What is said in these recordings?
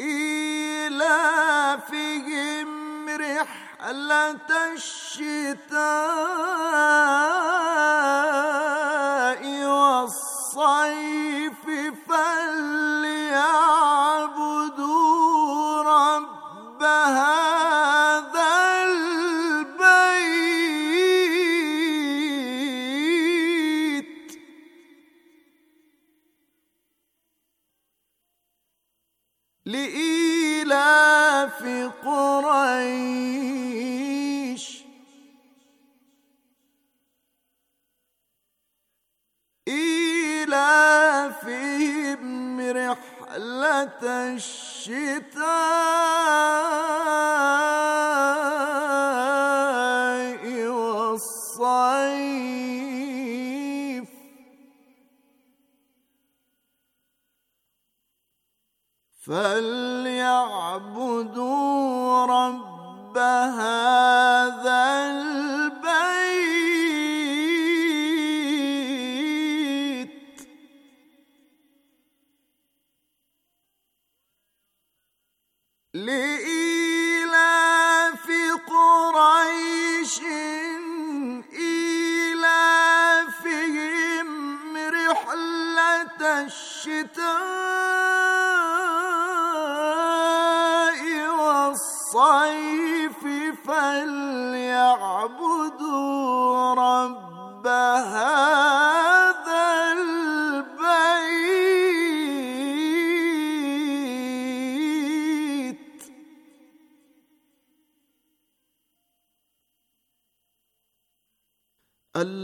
إيلافهم رحلة الشتاء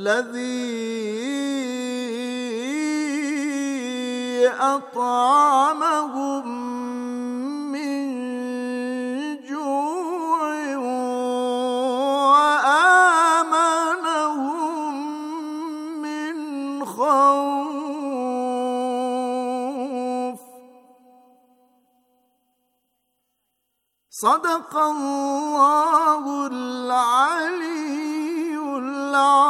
الذي اطعمهم من جوع وامنهم من خوف صدق الله العلي العظيم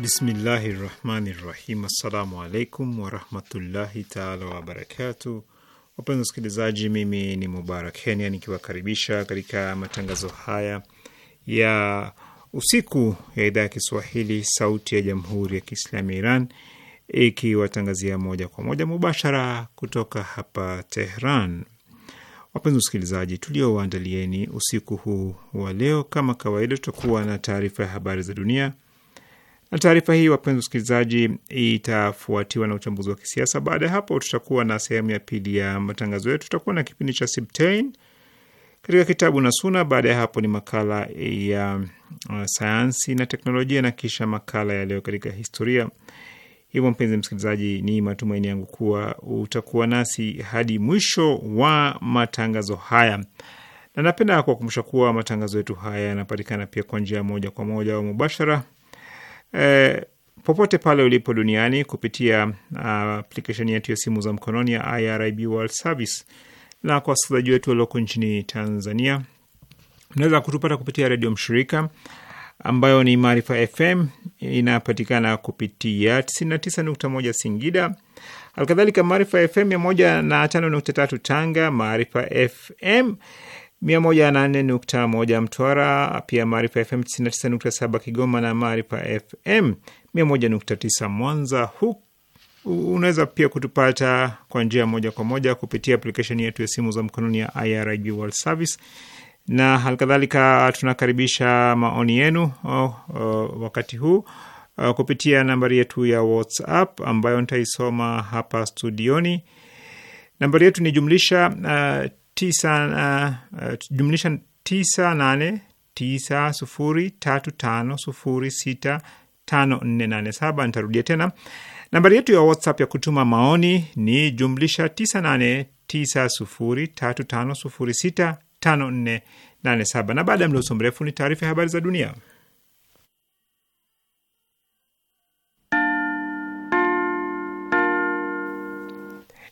Bismillahi rahmani rahim. Assalamu alaikum warahmatullahi taala wabarakatu. Wapenzi wasikilizaji, mimi ni Mubarak Kenya nikiwakaribisha katika matangazo haya ya usiku ya idhaa ya Kiswahili sauti ya jamhuri ya kiislami ya Iran ikiwatangazia moja kwa moja mubashara kutoka hapa Tehran. Wapenzi wasikilizaji, tuliowaandalieni usiku huu wa leo, kama kawaida, tutakuwa na taarifa ya habari za dunia na taarifa hii, wapenzi wasikilizaji, itafuatiwa na uchambuzi wa kisiasa. Baada ya hapo, tutakuwa na sehemu ya pili ya matangazo yetu. Tutakuwa na kipindi cha Sibtain katika kitabu na Suna. Baada ya hapo ni makala ya uh, sayansi na teknolojia, na kisha makala ya leo katika historia. Hivyo mpenzi msikilizaji, ni matumaini yangu kuwa utakuwa nasi hadi mwisho wa matangazo haya, na napenda kuwakumbusha kuwa matangazo yetu haya yanapatikana pia kwa njia moja kwa moja au mubashara e, popote pale ulipo duniani kupitia aplikesheni ah, yetu ya simu za mkononi ya IRIB World Service. Na kwa wasikilizaji wetu walioko nchini Tanzania, unaweza kutupata kupitia redio mshirika ambayo ni Maarifa FM, inapatikana kupitia 99.1 Singida, halikadhalika Maarifa FM 105.3 Tanga, Maarifa FM 104.1 Mtwara, pia Maarifa FM 99.7 Kigoma na Maarifa FM 101.9 Mwanza. Huku unaweza pia kutupata kwa njia moja kwa moja kupitia aplikesheni yetu ya simu za mkononi ya IRIB World Service na halikadhalika tunakaribisha maoni yenu oh, oh, wakati huu oh, kupitia nambari yetu ya WhatsApp ambayo nitaisoma hapa studioni. Nambari yetu ni jumlisha tisa na jumlisha tisa nane tisa sufuri tatu tano sufuri sita tano nne nane saba. Nitarudia tena nambari yetu ya WhatsApp ya kutuma maoni ni jumlisha tisa nane tisa sufuri tatu tano sufuri sita tano nne nane saba. Na baada ya mleuso mrefu ni taarifa ya habari za dunia.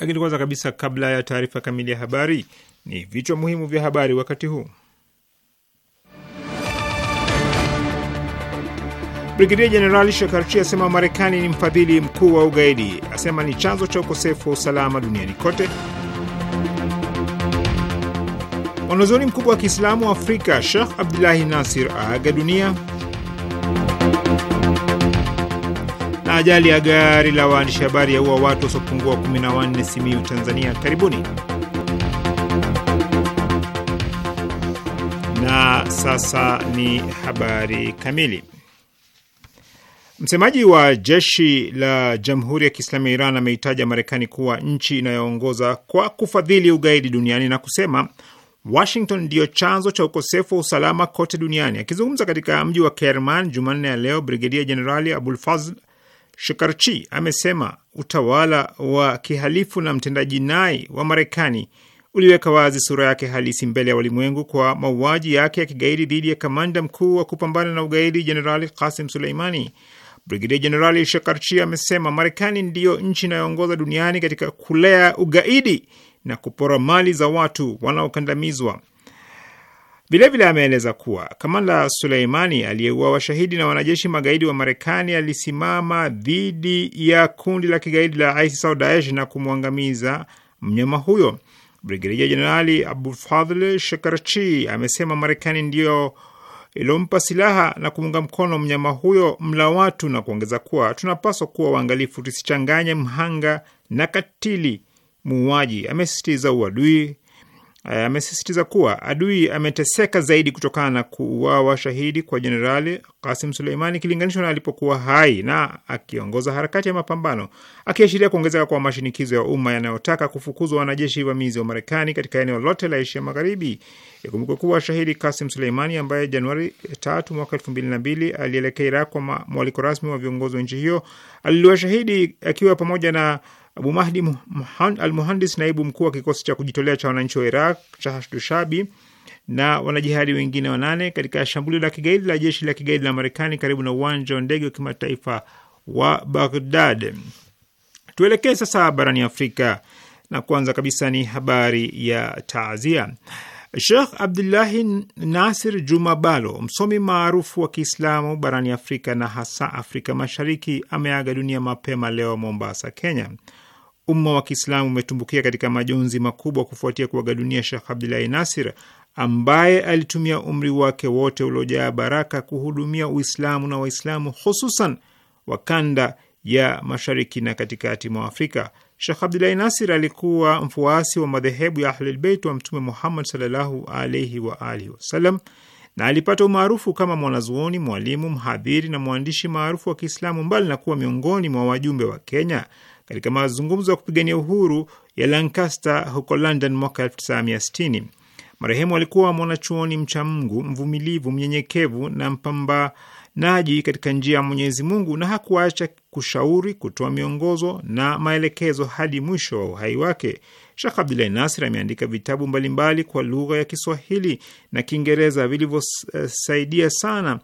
Lakini kwanza kabisa, kabla ya taarifa kamili ya habari, ni vichwa muhimu vya habari wakati huu. Brigedia Jenerali Shekarchi asema Marekani ni mfadhili mkuu wa ugaidi, asema ni chanzo cha ukosefu wa usalama duniani kote. Mwanazuoni mkubwa wa Kiislamu wa Afrika Shekh Abdulahi Nasir aaga dunia. ajali ya gari la waandishi habari yaua watu wasiopungua 14 Simiyu, Tanzania. Karibuni na sasa ni habari kamili. Msemaji wa jeshi la Jamhuri ya Kiislamu ya Iran ameitaja Marekani kuwa nchi inayoongoza kwa kufadhili ugaidi duniani na kusema Washington ndiyo chanzo cha ukosefu wa usalama kote duniani. Akizungumza katika mji wa Kerman Jumanne ya leo, Brigedia Jenerali Abulfazl Shikarchi amesema utawala wa kihalifu na mtendaji nai wa Marekani uliweka wazi sura yake halisi mbele ya walimwengu kwa mauaji yake ya kigaidi dhidi ya kamanda mkuu wa kupambana na ugaidi Jenerali Kasim Suleimani. Brigedia Jenerali Shekarchi amesema Marekani ndiyo nchi inayoongoza duniani katika kulea ugaidi na kupora mali za watu wanaokandamizwa. Vilevile ameeleza kuwa kamanda Suleimani aliyeua washahidi na wanajeshi magaidi wa Marekani alisimama dhidi ya kundi la kigaidi la ISIS au Daesh na kumwangamiza mnyama huyo. Brigedia Jenerali Abulfadhl Shekarchi amesema Marekani ndiyo ilompa silaha na kuunga mkono mnyama huyo mla watu, na kuongeza kuwa tunapaswa kuwa waangalifu tusichanganye mhanga na katili muuaji. Amesisitiza uadui Eh, amesisitiza kuwa adui ameteseka zaidi kutokana na kuuawa shahidi kwa Jenerali Kasim Suleimani ikilinganishwa na alipokuwa hai na akiongoza harakati ya mapambano, akiashiria kuongezeka kwa mashinikizo ya umma yanayotaka kufukuzwa wanajeshi vamizi wa Marekani katika eneo lote la Asia Magharibi. Ikumbukwe kuwa shahidi Kasim Suleimani ambaye Januari tatu mwaka elfu mbili na mbili alielekea Iraq kwa mwaliko rasmi wa viongozi wa nchi hiyo aliliwa shahidi akiwa pamoja na Abu Mahdi al-Muhandis, naibu mkuu wa kikosi cha kujitolea cha wananchi wa Iraq cha Hashdushabi na wanajihadi wengine wanane katika shambulio la kigaidi la jeshi la kigaidi la Marekani karibu na uwanja wa ndege wa kimataifa wa Baghdad. Tuelekee sasa barani Afrika na kwanza kabisa ni habari ya taazia. Sheikh Abdullahi Nasir Juma Balo, msomi maarufu wa Kiislamu barani Afrika na hasa Afrika Mashariki, ameaga dunia mapema leo Mombasa, Kenya umma wa Kiislamu umetumbukia katika majonzi makubwa kufuatia kuaga dunia Shekh Abdullahi Nasir ambaye alitumia umri wake wote uliojaa baraka kuhudumia Uislamu na Waislamu hususan wa kanda ya mashariki na katikati mwa Afrika. Shekh abdulahi Nasir alikuwa mfuasi wa madhehebu ya Ahlulbeit wa Mtume Muhammad sallallahu alaihi wa alihi wasallam na alipata umaarufu kama mwanazuoni, mwalimu, mhadhiri na mwandishi maarufu wa Kiislamu, mbali na kuwa miongoni mwa wajumbe wa Kenya katika mazungumzo ya kupigania uhuru ya Lancaster huko London mwaka 1960. Marehemu alikuwa mwanachuoni mchamungu, mvumilivu, mnyenyekevu na mpambanaji katika njia ya Mwenyezi Mungu, na hakuacha kushauri, kutoa miongozo na maelekezo hadi mwisho wa uhai wake. Shekh Abdulahi Nasir ameandika vitabu mbalimbali kwa lugha ya Kiswahili na Kiingereza vilivyosaidia sana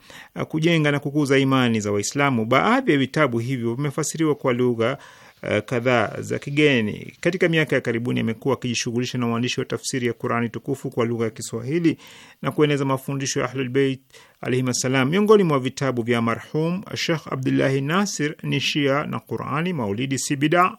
kujenga na kukuza imani za Waislamu. Baadhi ya vitabu hivyo vimefasiriwa kwa lugha Eh, kadhaa za kigeni. Katika miaka ya karibuni amekuwa akijishughulisha na uandishi wa tafsiri ya Qurani tukufu kwa lugha ya Kiswahili na kueneza mafundisho ya Ahlulbeit alaihim assalam. Miongoni mwa vitabu vya marhum Shekh Abdullahi Nasir ni Shia na Qurani, Maulidi si bida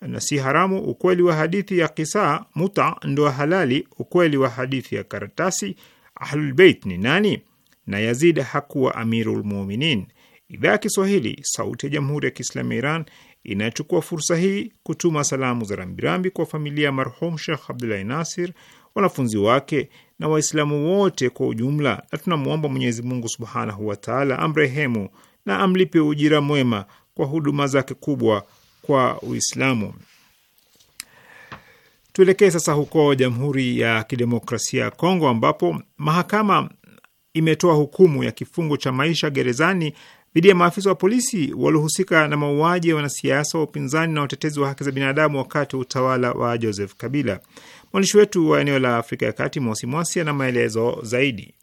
na si haramu, ukweli wa hadithi ya kisaa, muta ndoa halali, ukweli wa hadithi ya karatasi, Ahlulbeit ni nani, na Yazid hakuwa amirul muminin. Idhaa ya Kiswahili, Sauti ya Jamhuri ya Kiislamu ya Iran inachukua fursa hii kutuma salamu za rambirambi kwa familia ya marhum Shekh Abdullahi Nasir, wanafunzi wake na Waislamu wote kwa ujumla, na tunamwomba Mwenyezi Mungu subhanahu wataala amrehemu na amlipe ujira mwema kwa huduma zake kubwa kwa Uislamu. Tuelekee sasa huko Jamhuri ya Kidemokrasia ya Kongo ambapo mahakama imetoa hukumu ya kifungo cha maisha gerezani dhidi ya maafisa wa polisi waliohusika na mauaji ya wanasiasa wa upinzani na watetezi wa haki za binadamu wakati wa utawala wa Joseph Kabila. Mwandishi wetu wa eneo la Afrika ya Kati, Mosi Mwasi, ana maelezo zaidi.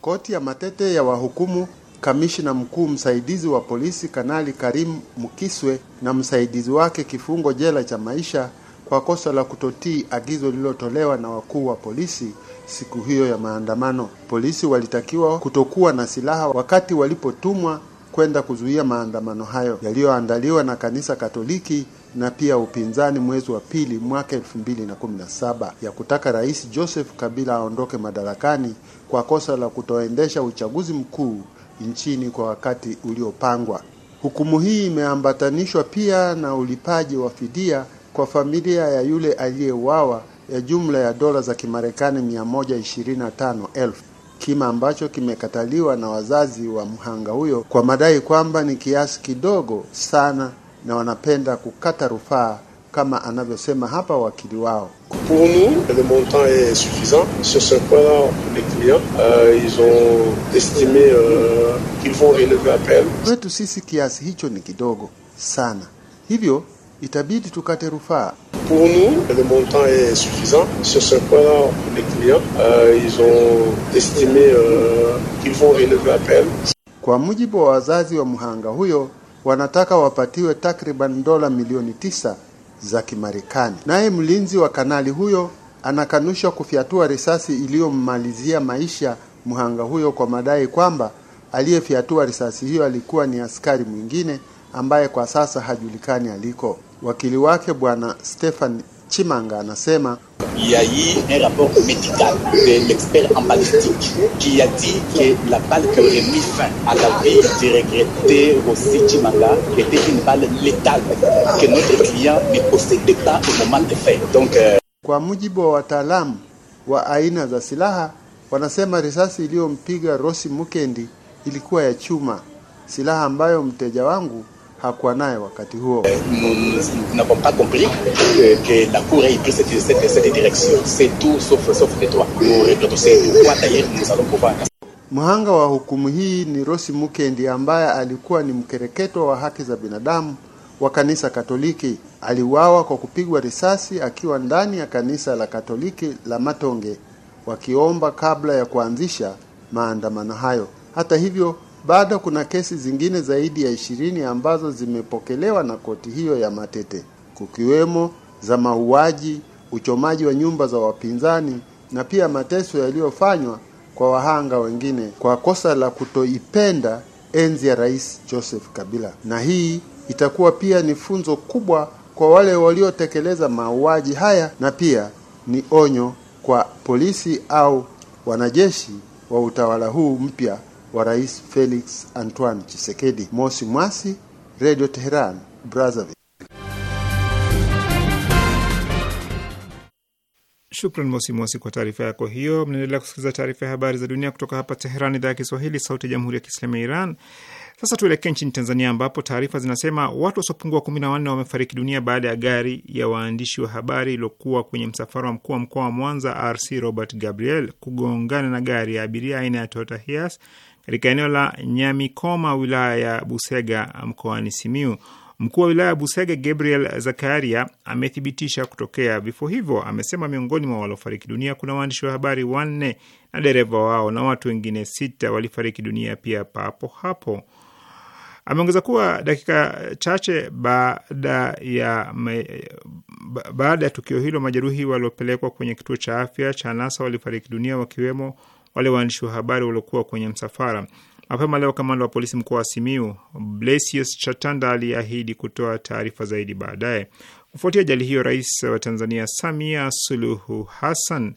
Koti ya Matete ya wahukumu kamishina mkuu msaidizi wa polisi Kanali Karim Mkiswe na msaidizi wake kifungo jela cha maisha kwa kosa la kutotii agizo lililotolewa na wakuu wa polisi siku hiyo ya maandamano. Polisi walitakiwa kutokuwa na silaha wakati walipotumwa kwenda kuzuia maandamano hayo yaliyoandaliwa na kanisa Katoliki na pia upinzani mwezi wa pili mwaka elfu mbili na kumi na saba ya kutaka Rais Joseph Kabila aondoke madarakani kwa kosa la kutoendesha uchaguzi mkuu nchini kwa wakati uliopangwa. Hukumu hii imeambatanishwa pia na ulipaji wa fidia kwa familia ya yule aliyeuawa ya jumla ya dola za Kimarekani 125,000 kima ambacho kimekataliwa na wazazi wa mhanga huyo kwa madai kwamba ni kiasi kidogo sana na wanapenda kukata rufaa kama anavyosema hapa wakili wao. Pour nous, le montant est suffisant. Sur ce point-là, les clients, euh, ils ont estimé euh, qu'ils vont relever appel. Kwetu sisi kiasi hicho ni kidogo sana. Hivyo itabidi tukate rufaa. Pour nous, le montant est suffisant. Sur ce point-là, les clients, euh, ils ont estimé euh, qu'ils vont relever appel. Kwa mujibu wa wazazi wa mhanga huyo, wanataka wapatiwe takriban dola milioni tisa za Kimarekani. Naye mlinzi wa kanali huyo anakanusha kufyatua risasi iliyommalizia maisha mhanga huyo kwa madai kwamba aliyefyatua risasi hiyo alikuwa ni askari mwingine ambaye kwa sasa hajulikani aliko. Wakili wake bwana Stefan Chimanga anasema il y a un rapport medical de l'expert en balistique qui a dit que la balle qui aurait mis fin à la vie du regretté Rossi Chimanga était une balle létale que notre client ne possédait pas au moment de fait. Donc, euh, Kwa mujibu wa wataalamu wa aina za silaha wanasema risasi iliyompiga Rossi Mukendi ilikuwa ya chuma, silaha ambayo mteja wangu hakuwa naye wakati huo. Euh, Mhanga wa hukumu hii ni Rosi Mukendi ambaye alikuwa ni mkereketo wa haki za binadamu wa kanisa Katoliki. Aliuawa kwa kupigwa risasi akiwa ndani ya kanisa la Katoliki la Matonge, wakiomba kabla ya kuanzisha maandamano hayo. Hata hivyo bado kuna kesi zingine zaidi ya ishirini ambazo zimepokelewa na koti hiyo ya Matete, kukiwemo za mauaji, uchomaji wa nyumba za wapinzani na pia mateso yaliyofanywa kwa wahanga wengine kwa kosa la kutoipenda enzi ya Rais Joseph Kabila. Na hii itakuwa pia ni funzo kubwa kwa wale waliotekeleza mauaji haya na pia ni onyo kwa polisi au wanajeshi wa utawala huu mpya wa Rais Felix Antoine Chisekedi. Mosi Mwasi, Radio Teheran, Brazzaville. Shukran Mosi Mosi kwa taarifa yako hiyo. Mnaendelea kusikiliza taarifa ya habari za dunia kutoka hapa Teheran, idhaa ya Kiswahili, sauti ya jamhuri ya kiislamu ya Iran. Sasa tuelekee nchini Tanzania, ambapo taarifa zinasema watu wasiopungua kumi na wanne wamefariki dunia baada ya gari ya waandishi wa habari iliokuwa kwenye msafara wa mkuu wa mkoa wa Mwanza RC Robert Gabriel kugongana na gari ya abiria aina ya Toyota Hiace katika eneo la Nyamikoma, wilaya ya Busega, mkoani Simiu. Mkuu wa wilaya ya Busega, Gabriel Zakaria, amethibitisha kutokea vifo hivyo. Amesema miongoni mwa waliofariki dunia kuna waandishi wa habari wanne na dereva wao na watu wengine sita walifariki dunia pia papo hapo. Ameongeza kuwa dakika chache baada ya me, baada ya tukio hilo majeruhi waliopelekwa kwenye kituo cha afya cha Nasa walifariki dunia wakiwemo wale waandishi wa habari waliokuwa kwenye msafara. Mapema leo kamanda wa polisi mkoa wa Simiu Blasius Chatanda aliahidi kutoa taarifa zaidi baadaye. Kufuatia ajali hiyo, rais wa Tanzania Samia Suluhu Hassan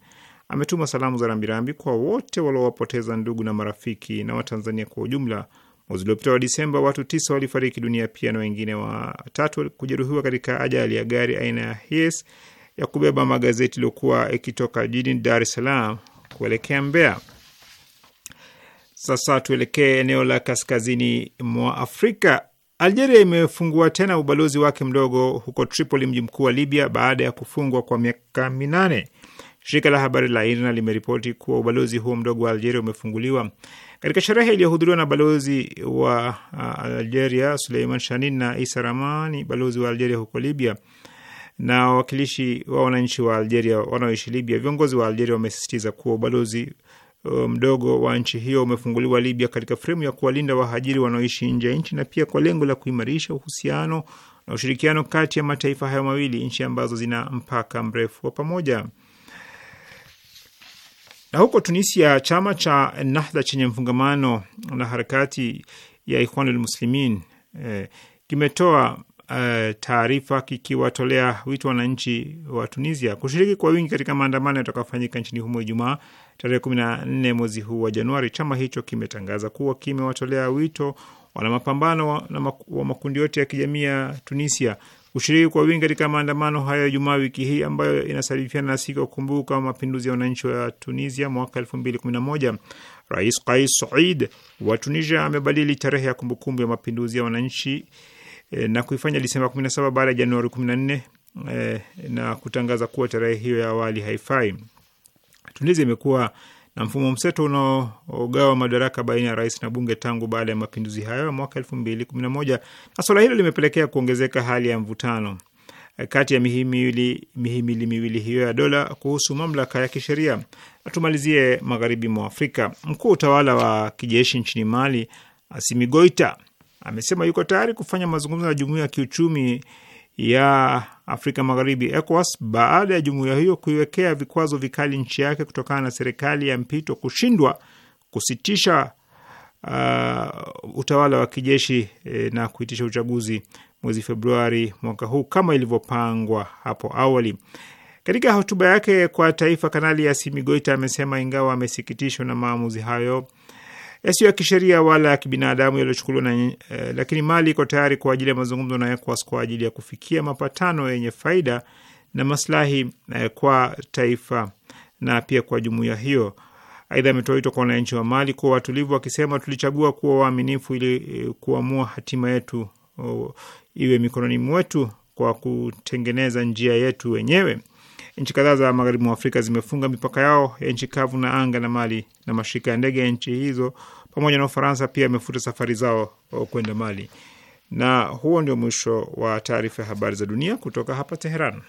ametuma salamu za rambirambi kwa wote waliowapoteza ndugu na marafiki na Watanzania kwa ujumla. Mwezi uliopita wa Disemba, watu tisa walifariki dunia pia na wengine watatu kujeruhiwa katika ajali ya gari aina ya Hiace ya kubeba magazeti iliyokuwa ikitoka jijini Dar es Salaam kuelekea Mbeya. Sasa tuelekee eneo la kaskazini mwa Afrika. Algeria imefungua tena ubalozi wake mdogo huko Tripoli, mji mkuu wa Libya, baada ya kufungwa kwa miaka minane. Shirika la habari la IRNA limeripoti kuwa ubalozi huo mdogo wa Algeria umefunguliwa katika sherehe iliyohudhuriwa na balozi wa uh, Algeria Suleiman Shanin na Isa Ramani, balozi wa Algeria huko Libya na wawakilishi wa wananchi wa Algeria wanaoishi Libya. Viongozi wa Algeria wamesisitiza kuwa ubalozi uh, mdogo wa nchi hiyo umefunguliwa Libya katika fremu ya kuwalinda wahajiri wanaoishi nje ya nchi na pia kwa lengo la kuimarisha uhusiano na ushirikiano kati ya mataifa hayo mawili, nchi ambazo zina mpaka mrefu wa pamoja. Na huko Tunisia, chama cha Nahdha chenye mfungamano na harakati ya Ikhwanul Muslimin eh, kimetoa uh, taarifa kikiwatolea wito wananchi wa Tunisia kushiriki kwa wingi katika maandamano yatakayofanyika nchini humo Ijumaa tarehe kumi na nne mwezi huu wa Januari. Chama hicho kimetangaza kuwa kimewatolea wito wana mapambano wa, wa makundi yote ya kijamii ya Tunisia kushiriki kwa wingi katika maandamano hayo Ijumaa wiki hii ambayo inasalifiana na siku ya kukumbuka mapinduzi ya wananchi wa Tunisia mwaka elfu mbili kumi na moja. Rais Kais Said wa Tunisia amebadili tarehe ya kumbukumbu ya mapinduzi ya wananchi Eh, na kuifanya Disemba 17 baada ya Januari 14 e, eh, na kutangaza kuwa tarehe hiyo ya awali haifai. Tunisia imekuwa na mfumo mseto unaogawa madaraka baina ya rais na bunge tangu baada ya mapinduzi hayo ya mwaka 2011 na swala hilo limepelekea kuongezeka hali ya mvutano eh, kati ya mihimili, mihimili miwili hiyo ya dola kuhusu mamlaka ya kisheria. atumalizie magharibi mwa Afrika. Mkuu utawala wa kijeshi nchini Mali Asimi Goita amesema yuko tayari kufanya mazungumzo na jumuiya ya kiuchumi ya Afrika Magharibi, ECOWAS, baada ya jumuiya hiyo kuiwekea vikwazo vikali nchi yake kutokana na serikali ya mpito kushindwa kusitisha uh, utawala wa kijeshi eh, na kuitisha uchaguzi mwezi Februari mwaka huu kama ilivyopangwa hapo awali. Katika hotuba yake kwa taifa, Kanali Yasimi Goita amesema ingawa amesikitishwa na maamuzi hayo yasiyo eh, ya kisheria wala ya kibinadamu yaliyochukuliwa na eh, lakini Mali iko tayari kwa ajili ya mazungumzo na ECOWAS kwa ajili ya kufikia mapatano yenye faida na maslahi eh, kwa taifa na pia kwa jumuiya hiyo. Aidha, ametoa wito kwa wananchi wa Mali kuwa watulivu, wakisema tulichagua kuwa waaminifu ili eh, kuamua hatima yetu oh, iwe mikononi mwetu kwa kutengeneza njia yetu wenyewe. Nchi kadhaa za magharibi mwa Afrika zimefunga mipaka yao ya nchi kavu na anga na Mali, na mashirika ya ndege ya nchi hizo pamoja na Ufaransa pia amefuta safari zao kwenda Mali. Na huo ndio mwisho wa taarifa ya habari za dunia kutoka hapa Teheran.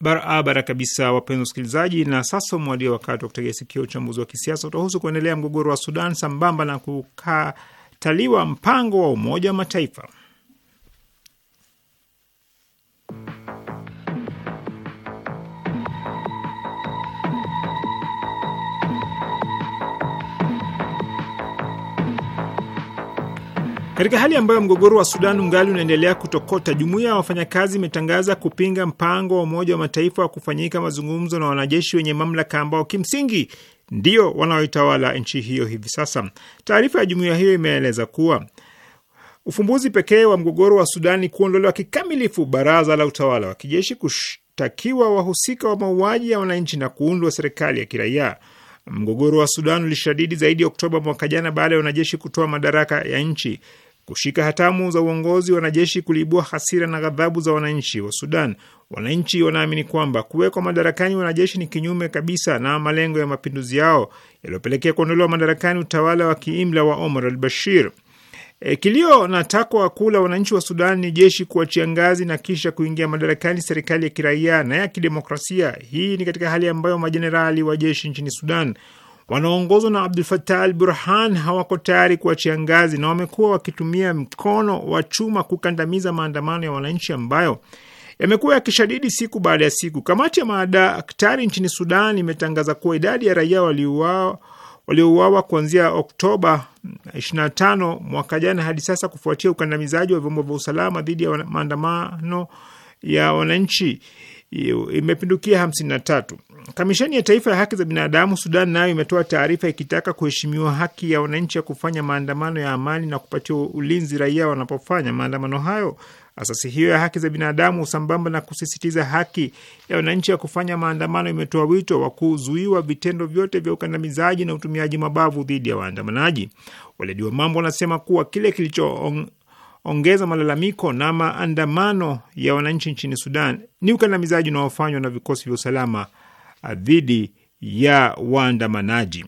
barabara kabisa, wapenzi wasikilizaji, na sasa umewadia wakati wa kutegea sikio. Uchambuzi wa kisiasa utahusu kuendelea mgogoro wa Sudan sambamba na kukataliwa mpango wa Umoja wa Mataifa. Katika hali ambayo mgogoro wa Sudan ungali unaendelea kutokota, jumuiya ya wafanyakazi imetangaza kupinga mpango wa Umoja wa Mataifa wa kufanyika mazungumzo na wanajeshi wenye mamlaka ambao kimsingi ndio wanaoitawala nchi hiyo hivi sasa. Taarifa ya jumuiya hiyo imeeleza kuwa ufumbuzi pekee wa mgogoro wa Sudani kuondolewa kikamilifu baraza la utawala wa kijeshi, kushtakiwa wahusika wa mauaji ya wananchi na kuundwa serikali ya kiraia. Mgogoro wa Sudan ulishadidi zaidi Oktoba mwaka jana baada ya wanajeshi kutoa madaraka ya nchi. Kushika hatamu za uongozi wanajeshi kuliibua hasira na ghadhabu za wananchi wa Sudan. Wananchi wanaamini kwamba kuwekwa madarakani wanajeshi ni kinyume kabisa na malengo ya mapinduzi yao yaliyopelekea kuondolewa madarakani utawala wa kiimla wa Omar al Bashir. E, kilio na takwa kuu la wananchi wa Sudan ni jeshi kuachia ngazi na kisha kuingia madarakani serikali ya kiraia na ya kidemokrasia. Hii ni katika hali ambayo majenerali wa jeshi nchini Sudan wanaongozwa na Abdul Fatah al Burhan hawako tayari kuachia ngazi na wamekuwa wakitumia mkono wa chuma kukandamiza maandamano ya wananchi ambayo yamekuwa yakishadidi siku baada ya siku. Kamati ya madaktari nchini Sudan imetangaza kuwa idadi ya raia waliouawa waliouawa kuanzia Oktoba 25 mwaka jana hadi sasa kufuatia ukandamizaji wa vyombo vya usalama dhidi ya maandamano ya wananchi imepindukia hamsini na tatu. Kamisheni ya Taifa ya Haki za Binadamu Sudan nayo imetoa taarifa ikitaka kuheshimiwa haki ya wananchi ya kufanya maandamano ya amani na kupatiwa ulinzi raia wanapofanya maandamano hayo. Asasi hiyo ya haki za binadamu, sambamba na kusisitiza haki ya wananchi ya kufanya maandamano, imetoa wito wa kuzuiwa vitendo vyote vya ukandamizaji na utumiaji mabavu dhidi ya waandamanaji. waledi wa mambo wanasema kuwa kile kilicho ongeza malalamiko na maandamano ya wananchi nchini Sudan ni ukandamizaji unaofanywa na vikosi vya usalama ah, dhidi ya waandamanaji.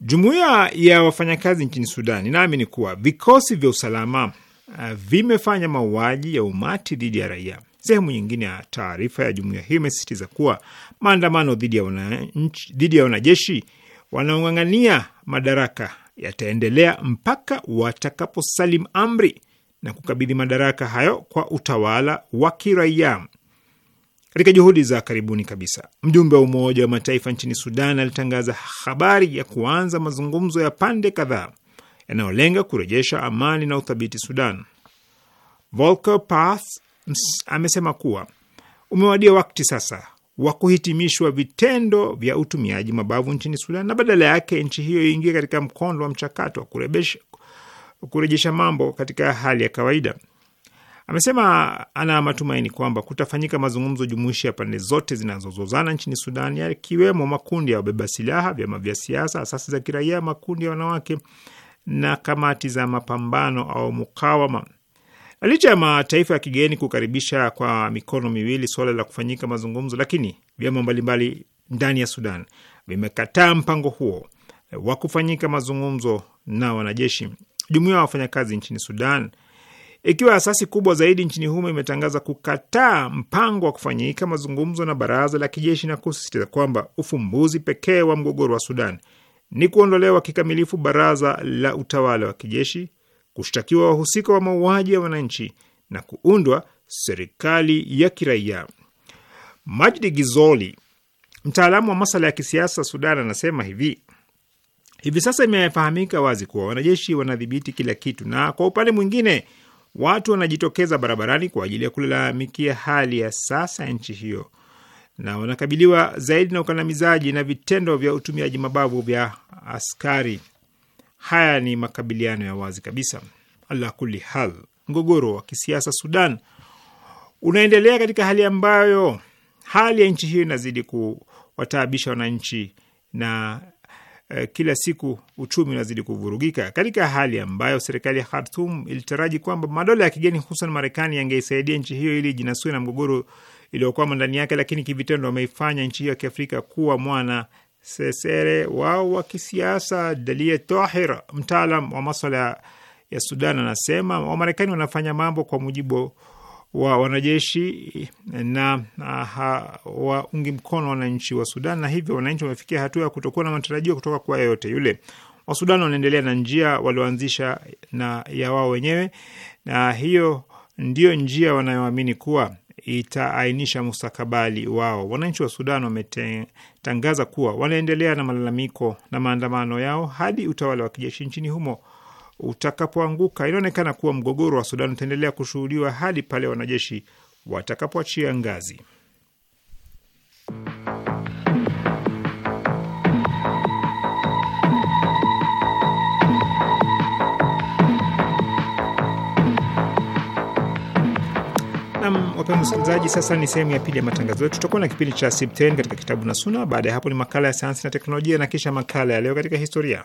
Jumuiya ya wafanyakazi nchini Sudan inaamini kuwa vikosi vya usalama ah, vimefanya mauaji ya umati dhidi ya raia. Sehemu nyingine ya taarifa ya jumuiya hiyo imesisitiza kuwa maandamano dhidi ya wanajeshi wanaong'ang'ania madaraka yataendelea mpaka watakaposalim amri na kukabidhi madaraka hayo kwa utawala wa kiraia. Katika juhudi za karibuni kabisa, mjumbe wa Umoja wa Mataifa nchini Sudan alitangaza habari ya kuanza mazungumzo ya pande kadhaa yanayolenga kurejesha amani na uthabiti Sudan. Volker Perthes amesema kuwa umewadia wakati sasa wa kuhitimishwa vitendo vya utumiaji mabavu nchini Sudan na badala yake nchi hiyo iingie katika mkondo wa mchakato wa kurejesha mambo katika hali ya kawaida. Amesema ana matumaini kwamba kutafanyika mazungumzo jumuishi ya pande zote zinazozozana nchini Sudan, yakiwemo makundi ya wabeba silaha, vyama vya siasa, asasi za kiraia, makundi ya wanawake na kamati za mapambano au mukawama. Licha ya mataifa ya kigeni kukaribisha kwa mikono miwili suala la kufanyika mazungumzo, lakini vyama mbalimbali ndani ya Sudan vimekataa mpango huo wa kufanyika mazungumzo na wanajeshi. Jumuiya ya wafanyakazi nchini Sudan, ikiwa asasi kubwa zaidi nchini humo, imetangaza kukataa mpango wa kufanyika mazungumzo na baraza la kijeshi na kusisitiza kwamba ufumbuzi pekee wa mgogoro wa Sudan ni kuondolewa kikamilifu baraza la utawala wa kijeshi kushtakiwa wahusika wa mauaji ya wananchi na kuundwa serikali ya kiraia. Majdi Gizoli, mtaalamu wa masala ya kisiasa Sudan, anasema hivi: hivi sasa imefahamika wazi kuwa wanajeshi wanadhibiti kila kitu, na kwa upande mwingine watu wanajitokeza barabarani kwa ajili ya kulalamikia hali ya sasa ya nchi hiyo, na wanakabiliwa zaidi na ukandamizaji na vitendo vya utumiaji mabavu vya askari. Haya ni makabiliano ya wazi kabisa. Ala kuli hal, mgogoro wa kisiasa Sudan unaendelea katika hali ambayo hali ya nchi hiyo inazidi kuwataabisha wananchi na eh, kila siku uchumi unazidi kuvurugika katika hali ambayo serikali ya khartum ilitaraji kwamba madola ya kigeni hususan Marekani yangeisaidia nchi hiyo ili jinasue na mgogoro iliyokwama ndani yake, lakini kivitendo wameifanya nchi hiyo ya kiafrika kuwa mwana Sesere wao wa kisiasa. delie Tahir, mtaalam wa maswala ya Sudan, anasema Wamarekani wanafanya mambo kwa mujibu wa wanajeshi na hawaungi mkono wananchi wa Sudan, na hivyo wananchi wamefikia hatua ya kutokuwa na matarajio kutoka kwa yeyote yule. Wasudan wanaendelea na njia walioanzisha na ya wao wenyewe, na hiyo ndiyo njia wanayoamini kuwa itaainisha mustakabali wao. Wananchi wa Sudan wametangaza kuwa wanaendelea na malalamiko na maandamano yao hadi utawala wa kijeshi nchini humo utakapoanguka. Inaonekana kuwa mgogoro wa Sudan utaendelea kushuhudiwa hadi pale wanajeshi watakapoachia ngazi. Nam, wapenzi msikilizaji, sasa ni sehemu ya pili ya matangazo yetu. Tutakuwa na kipindi cha Sipten katika kitabu na Suna. Baada ya hapo ni makala ya sayansi na teknolojia, na kisha makala ya leo katika historia.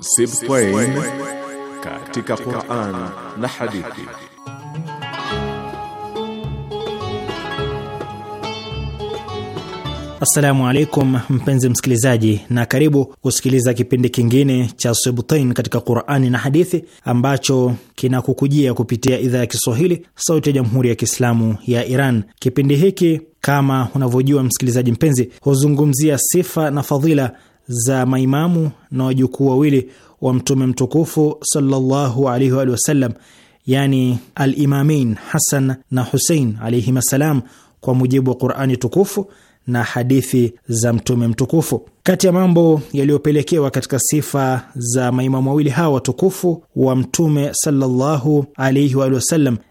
Sipten katika Quran na hadithi Assalamu alaikum mpenzi msikilizaji, na karibu kusikiliza kipindi kingine cha Sibtain katika Qurani na Hadithi ambacho kinakukujia kupitia idhaa ya Kiswahili, Sauti ya Jamhuri ya Kiislamu ya Iran. Kipindi hiki kama unavyojua msikilizaji mpenzi, huzungumzia sifa na fadhila za maimamu na wajukuu wawili wa Mtume mtukufu sallallahu alaihi wa yani Alimamin Hasan na Husein alaihim assalam, kwa mujibu wa Qurani tukufu na hadithi za Mtume mtukufu. Kati ya mambo yaliyopelekewa katika sifa za maimamu wawili hawa watukufu wa Mtume sallallahu alaihi wa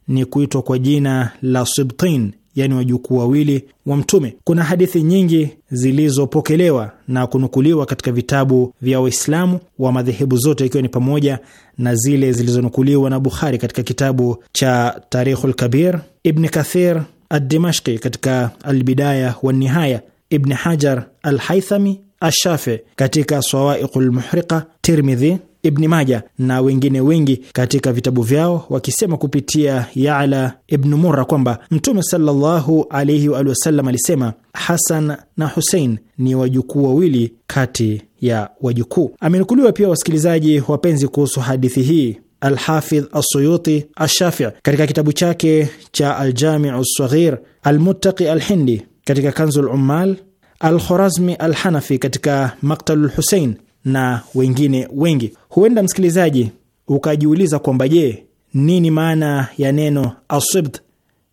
ni kuitwa kwa jina la Sibtin, yani wajukuu wawili wa Mtume. Kuna hadithi nyingi zilizopokelewa na kunukuliwa katika vitabu vya Waislamu wa madhehebu zote, ikiwa ni pamoja na zile zilizonukuliwa na Bukhari katika kitabu cha Tarikhul Kabir, Ibni Kathir ad katika Albidaya wa Nihaya, Ibn Hajar alhaithami Ashafi katika sawaiqu lmuhriqa Tirmidhi, Ibni Maja na wengine wengi katika vitabu vyao wakisema kupitia Yala Ibnu Murra kwamba Mtume sallallahu alaihi wa wasallam alisema, Hasan na Husein ni wajukuu wawili kati ya wajukuu. Amenukuliwa pia, wasikilizaji wapenzi, kuhusu hadithi hii Alhafidh asuyuti Alshafii katika kitabu chake cha Aljamiu Saghir, Almuttaqi Alhindi katika kanzu Lummal, Alkhorazmi Alhanafi katika Maktalu lhusein na wengine wengi. Huenda msikilizaji ukajiuliza kwamba je, nini maana ya neno asibt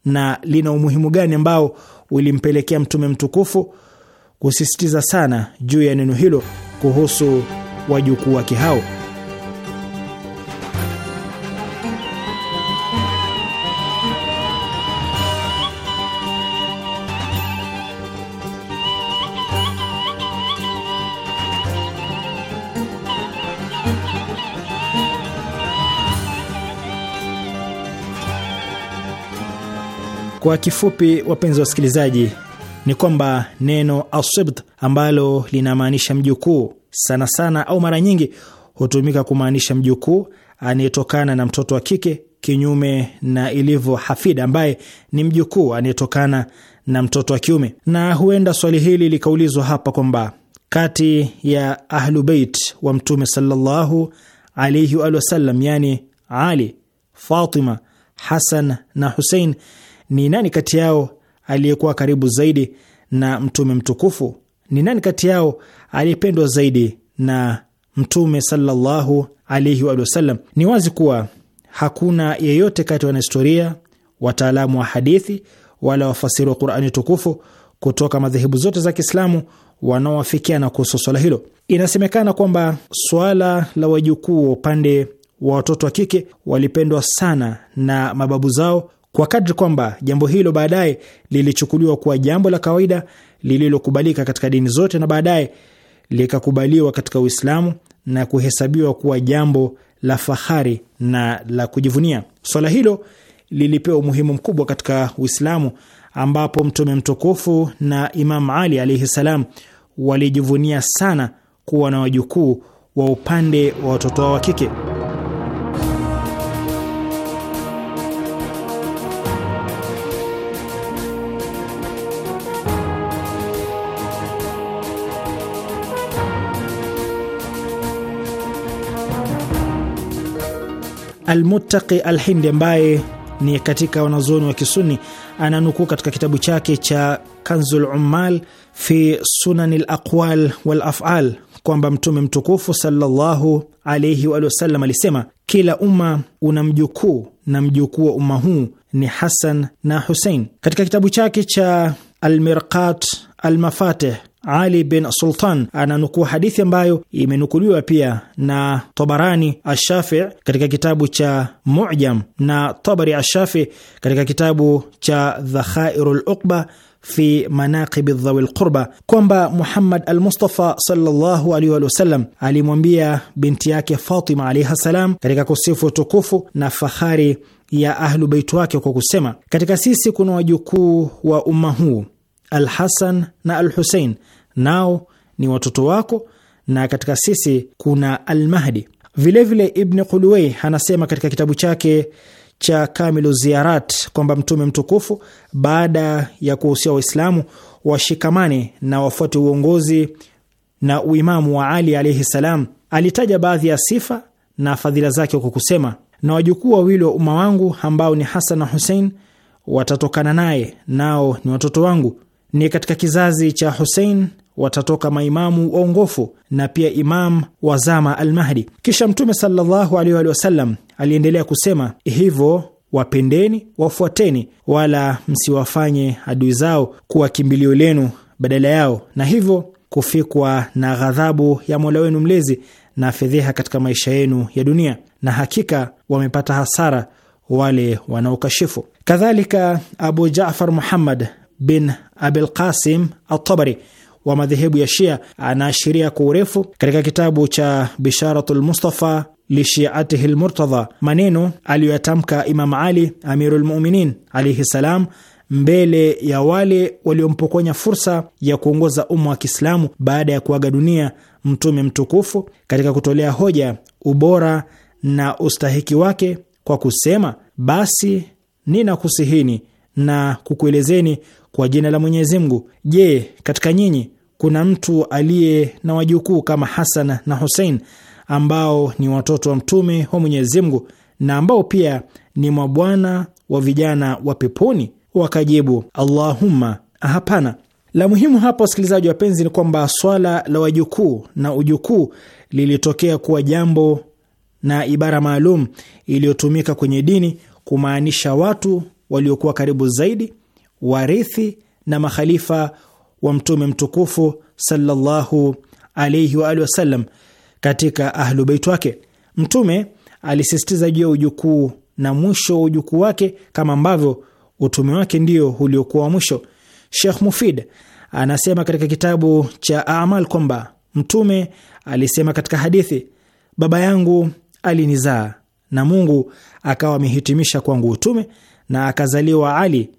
na lina umuhimu gani ambao ulimpelekea Mtume mtukufu kusisitiza sana juu ya neno hilo kuhusu wajukuu wake hao? Kwa kifupi, wapenzi wa wasikilizaji, ni kwamba neno asibt ambalo linamaanisha mjukuu sana sana au mara nyingi hutumika kumaanisha mjukuu anayetokana na mtoto wa kike, kinyume na ilivyo hafid ambaye ni mjukuu anayetokana na mtoto wa kiume. Na huenda swali hili likaulizwa hapa kwamba kati ya ahlu beit wa Mtume sallallahu alaihi wasallam, yani Ali, Fatima, Hasan na Husein ni nani kati yao aliyekuwa karibu zaidi na mtume mtukufu? Ni nani kati yao aliyependwa zaidi na mtume sallallahu alaihi wa sallam? Ni wazi kuwa hakuna yeyote kati ya wanahistoria, wataalamu wa hadithi wala wafasiri wa Qur'ani tukufu kutoka madhehebu zote za Kiislamu wanaowafikiana kuhusu swala hilo. Inasemekana kwamba swala la wajukuu wa upande wa watoto wa kike walipendwa sana na mababu zao kwa kadri kwamba jambo hilo baadaye lilichukuliwa kuwa jambo la kawaida lililokubalika katika dini zote na baadaye likakubaliwa katika Uislamu na kuhesabiwa kuwa jambo la fahari na la kujivunia. Swala hilo lilipewa umuhimu mkubwa katika Uislamu, ambapo Mtume mtukufu na Imam Ali alaihi salam walijivunia sana kuwa na wajukuu wa upande wa watoto wao wa kike. Almuttaqi Alhindi ambaye ni katika wanazuoni wa Kisuni ananukuu katika kitabu chake cha Kanzul Ummal fi Sunani Laqwal Walafal kwamba Mtume mtukufu sallallahu alaihi wa sallam alisema, kila umma una mjukuu na mjukuu wa umma huu ni Hasan na Husein. Katika kitabu chake cha Almirqat Almafatih ali bin Sultan ananukuu hadithi ambayo imenukuliwa pia na Tabarani Ashafi katika kitabu cha Mujam na Tabari Ashafi katika kitabu cha Dhakhairu Luqba fi manaqibi dhawi lqurba kwamba Muhammad Almustafa sallallahu alaihi wa sallam alimwambia binti yake Fatima alaihi salam katika kusifu tukufu na fahari ya ahlu beiti wake kwa kusema, katika sisi kuna wajukuu wa umma huu Al Hasan na Al Husein nao ni watoto wako, na katika sisi kuna Al Mahdi. Vilevile Ibni Quluwei anasema katika kitabu chake cha Kamilu Ziarat kwamba Mtume mtukufu baada ya kuhusia Waislamu washikamane na wafuate uongozi na uimamu wa Ali alaihi salam, alitaja baadhi ya sifa na fadhila zake kwa kusema, na wajukuu wawili wa umma wangu ambao ni Hasan na Husein watatokana naye, nao ni watoto wangu ni katika kizazi cha Husein watatoka maimamu waongofu na pia imam wa zama Almahdi. Kisha Mtume sallallahu alaihi wasallam aliendelea kusema hivyo, wapendeni, wafuateni, wala msiwafanye adui zao kuwa kimbilio lenu badala yao, na hivyo kufikwa na ghadhabu ya Mola wenu mlezi na fedheha katika maisha yenu ya dunia, na hakika wamepata hasara wale wanaokashifu. Kadhalika Abu Jafar Muhammad bin Abil Qasim Atabari wa madhehebu ya Shia anaashiria kwa urefu katika kitabu cha Bisharatul lmustafa lishiatihi lmurtadha maneno aliyoyatamka Imam Ali Amiru lmuminin alaihi salam mbele ya wale waliompokonya fursa ya kuongoza umma wa Kiislamu baada ya kuaga dunia mtume mtukufu katika kutolea hoja ubora na ustahiki wake kwa kusema, basi ninakusihini na kukuelezeni kwa jina la Mwenyezi Mungu, je, katika nyinyi kuna mtu aliye na wajukuu kama Hasan na Husein ambao ni watoto wa mtume wa Mwenyezi Mungu na ambao pia ni mabwana wa vijana wa peponi? Wakajibu, Allahumma, hapana. La muhimu hapa, wasikilizaji wapenzi, ni kwamba swala la wajukuu na ujukuu lilitokea kuwa jambo na ibara maalum iliyotumika kwenye dini kumaanisha watu waliokuwa karibu zaidi, warithi na makhalifa wa mtume mtukufu sallallahu alaihi wa alihi wasallam katika ahlu beit wake. Mtume alisisitiza juu ya ujukuu na mwisho wa ujukuu wake kama ambavyo utume wake ndio uliokuwa wa mwisho. Sheikh Mufid anasema katika kitabu cha Amal kwamba mtume alisema katika hadithi, baba yangu alinizaa na Mungu akawa amehitimisha kwangu utume na akazaliwa Ali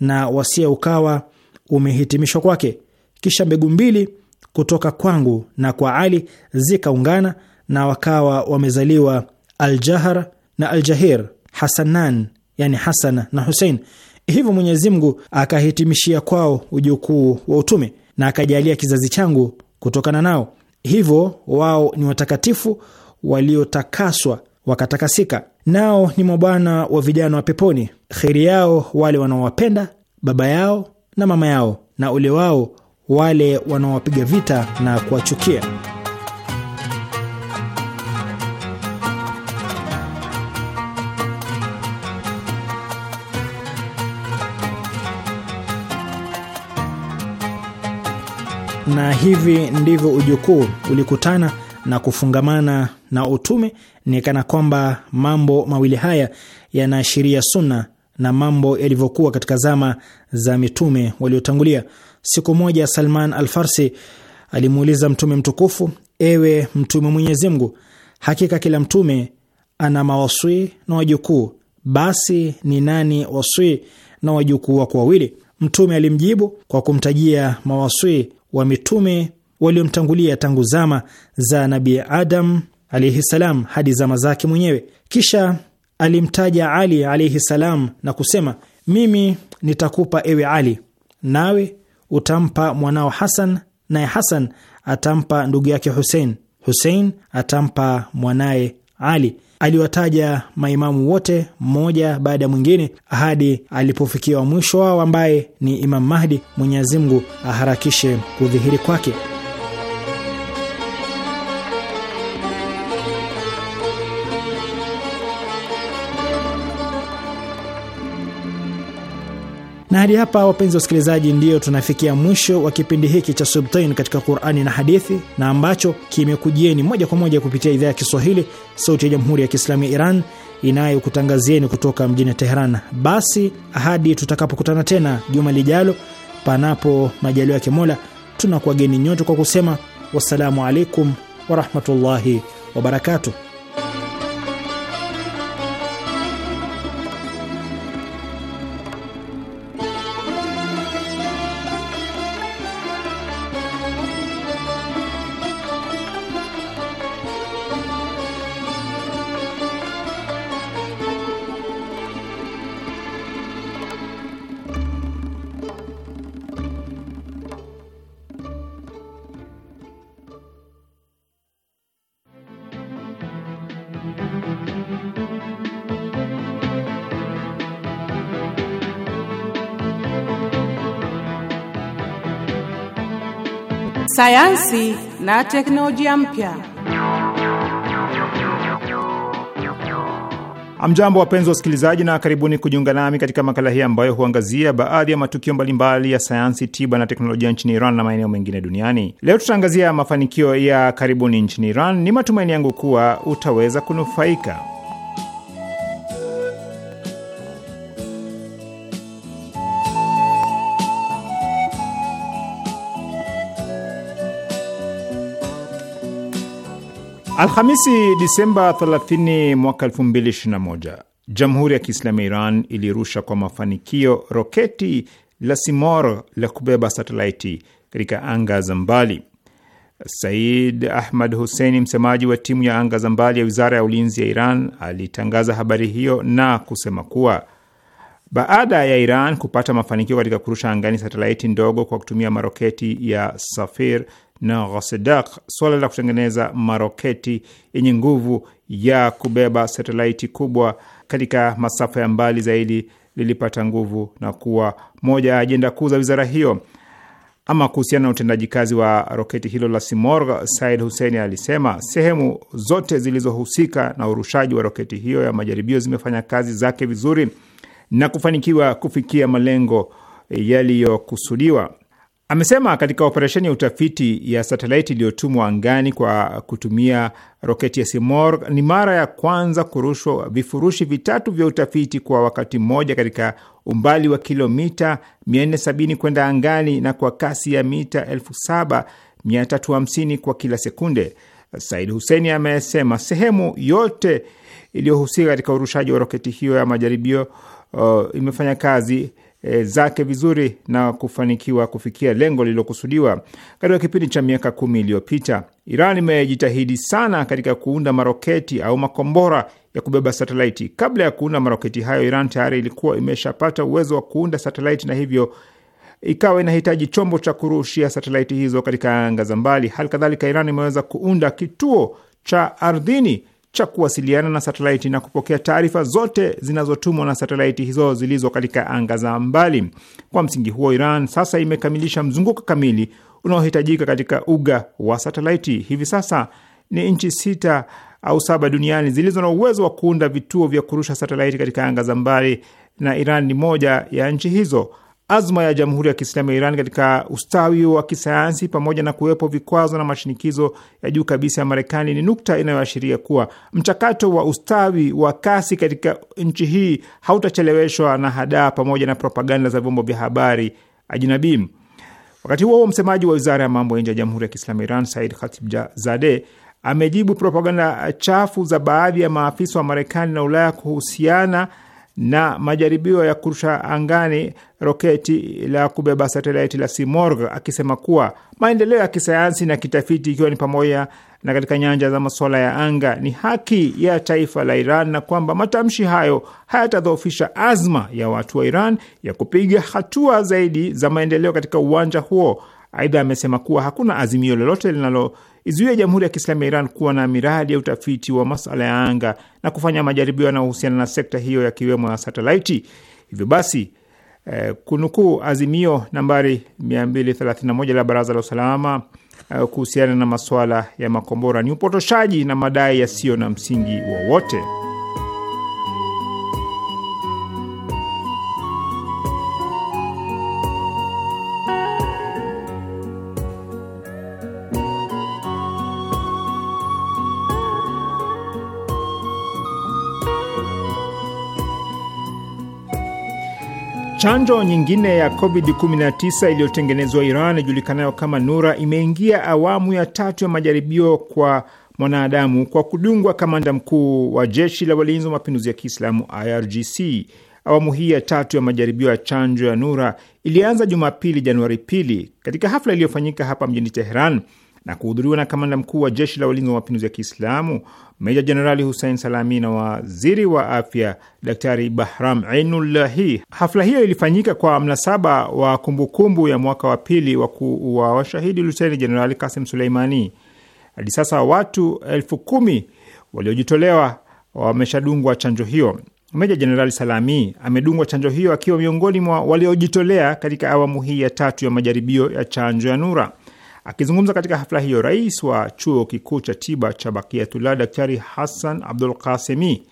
na wasia ukawa umehitimishwa kwake. Kisha mbegu mbili kutoka kwangu na kwa Ali zikaungana na wakawa wamezaliwa Aljahar na Aljahir, Hasanan yani Hasan na Husein. Hivyo Mwenyezi Mungu akahitimishia kwao ujukuu wa utume na akajalia kizazi changu kutokana nao. Hivyo wao ni watakatifu waliotakaswa wakatakasika, nao ni mabwana wa vijana wa peponi. Kheri yao wale wanaowapenda baba yao na mama yao, na ule wao wale wanaowapiga vita na kuwachukia. Na hivi ndivyo ujukuu ulikutana na kufungamana na utume ni kana kwamba mambo mawili haya yanaashiria sunna na mambo yalivyokuwa katika zama za mitume waliotangulia. Siku moja Salman Alfarsi alimuuliza Mtume mtukufu, ewe Mtume Mwenyezi Mungu, hakika kila mtume ana mawaswi na wajukuu, basi ni nani waswi na wajukuu wako wawili? Mtume alimjibu kwa kumtajia mawaswi wa mitume waliomtangulia tangu zama za Nabii Adam alaihi salam hadi zama zake mwenyewe. Kisha alimtaja Ali alaihi salam na kusema, mimi nitakupa ewe Ali, nawe utampa mwanao Hasan, naye Hasan atampa ndugu yake Husein, Husein atampa mwanaye Ali. Aliwataja maimamu wote mmoja baada ya mwingine hadi alipofikia mwisho wao ambaye ni Imam Mahdi, Mwenyezi Mungu aharakishe kudhihiri kwake. Na hadi hapa, wapenzi wasikilizaji, ndiyo tunafikia mwisho wa kipindi hiki cha Subtain katika Qurani na Hadithi, na ambacho kimekujieni moja kwa moja kupitia idhaa ya Kiswahili, Sauti ya Jamhuri ya Kiislamu ya Iran inayokutangazieni kutoka mjini Teheran. Basi hadi tutakapokutana tena juma lijalo, panapo majalio ya Mola, tunakuwageni nyote kwa kusema wassalamu alaikum warahmatullahi wabarakatuh. sayansi na teknolojia mpya. Amjambo, wapenzi wa usikilizaji na karibuni kujiunga nami katika makala hii ambayo huangazia baadhi ya matukio mbalimbali ya sayansi, tiba na teknolojia nchini Iran na maeneo mengine duniani. Leo tutaangazia mafanikio ya karibuni nchini Iran. Ni matumaini yangu kuwa utaweza kunufaika. Alhamisi Disemba 30 mwaka 2021, Jamhuri ya Kiislamu ya Iran ilirusha kwa mafanikio roketi la Simor la kubeba satelaiti katika anga za mbali. Said Ahmad Hussein, msemaji wa timu ya anga za mbali ya wizara ya ulinzi ya Iran, alitangaza habari hiyo na kusema kuwa baada ya Iran kupata mafanikio katika kurusha angani satelaiti ndogo kwa kutumia maroketi ya Safir na Ghosedak, suala la kutengeneza maroketi yenye nguvu ya kubeba satelaiti kubwa katika masafa ya mbali zaidi lilipata nguvu na kuwa moja ya ajenda kuu za wizara hiyo. Ama kuhusiana na utendaji kazi wa roketi hilo la Simorgh, Said Hussein alisema sehemu zote zilizohusika na urushaji wa roketi hiyo ya majaribio zimefanya kazi zake vizuri na kufanikiwa kufikia malengo yaliyokusudiwa. Amesema katika operesheni ya utafiti ya satelaiti iliyotumwa angani kwa kutumia roketi ya Simorgh ni mara ya kwanza kurushwa vifurushi vitatu vya utafiti kwa wakati mmoja katika umbali wa kilomita 470 kwenda angani na kwa kasi ya mita 7350 kwa kila sekunde. Said Huseni amesema sehemu yote iliyohusika katika urushaji wa roketi hiyo ya majaribio uh, imefanya kazi e, zake vizuri na kufanikiwa kufikia lengo lililokusudiwa. Katika kipindi cha miaka kumi iliyopita, Iran imejitahidi sana katika kuunda maroketi au makombora ya kubeba satelaiti. Kabla ya kuunda maroketi hayo, Iran tayari ilikuwa imeshapata uwezo wa kuunda satelaiti na hivyo ikawa inahitaji chombo cha kurushia satelaiti hizo katika anga za mbali. Hali kadhalika, Iran imeweza kuunda kituo cha ardhini cha kuwasiliana na satelaiti na kupokea taarifa zote zinazotumwa na satelaiti hizo zilizo katika anga za mbali. Kwa msingi huo, Iran sasa imekamilisha mzunguko kamili unaohitajika katika uga wa satelaiti. Hivi sasa ni nchi sita au saba duniani zilizo na uwezo wa kuunda vituo vya kurusha satelaiti katika anga za mbali na Iran ni moja ya nchi hizo azma ya Jamhuri ya Kiislamu ya Iran katika ustawi wa kisayansi pamoja na kuwepo vikwazo na mashinikizo ya juu kabisa ya Marekani ni nukta inayoashiria kuwa mchakato wa ustawi wa kasi katika nchi hii hautacheleweshwa na hadaa pamoja na propaganda za vyombo vya habari ajinabi. Wakati huo huo, msemaji wa wizara ya mambo ya nje ya Jamhuri ya Kiislamu ya Iran Said zade amejibu propaganda chafu za baadhi ya maafisa wa Marekani na Ulaya kuhusiana na majaribio ya kurusha angani roketi la kubeba satelaiti la simorg akisema kuwa maendeleo ya kisayansi na kitafiti, ikiwa ni pamoja na katika nyanja za masuala ya anga, ni haki ya taifa la Iran na kwamba matamshi hayo hayatadhoofisha azma ya watu wa Iran ya kupiga hatua zaidi za maendeleo katika uwanja huo. Aidha, amesema kuwa hakuna azimio lolote linalo izuia Jamhuri ya Kiislamu ya Iran kuwa na miradi ya utafiti wa masala ya anga na kufanya majaribio yanayohusiana na sekta hiyo yakiwemo ya satelaiti. Hivyo basi eh, kunukuu azimio nambari 231 la Baraza la Usalama eh, kuhusiana na masuala ya makombora ni upotoshaji na madai yasiyo na msingi wowote. Chanjo nyingine ya COVID-19 iliyotengenezwa Iran ijulikanayo kama Nura imeingia awamu ya tatu ya majaribio kwa mwanadamu kwa kudungwa kamanda mkuu wa jeshi la walinzi wa mapinduzi ya Kiislamu IRGC. Awamu hii ya tatu ya majaribio ya chanjo ya Nura ilianza Jumapili, Januari pili, katika hafla iliyofanyika hapa mjini Teheran na kuhudhuriwa na kamanda mkuu wa jeshi la walinzi wa mapinduzi ya Kiislamu meja jenerali Hussein Salami na waziri wa afya Daktari Bahram einullahi Hafla hiyo ilifanyika kwa mnasaba wa kumbukumbu ya mwaka wa pili wa kuuawa washahidi luteni jenerali Kasim Suleimani. Hadi sasa watu elfu kumi waliojitolewa wameshadungwa chanjo hiyo. Meja Jenerali Salami amedungwa chanjo hiyo akiwa miongoni mwa waliojitolea katika awamu hii ya tatu ya majaribio ya chanjo ya Nura. Akizungumza katika hafla hiyo, rais wa chuo kikuu cha tiba cha Bakiatullah Daktari Hassan Abdul Kasemi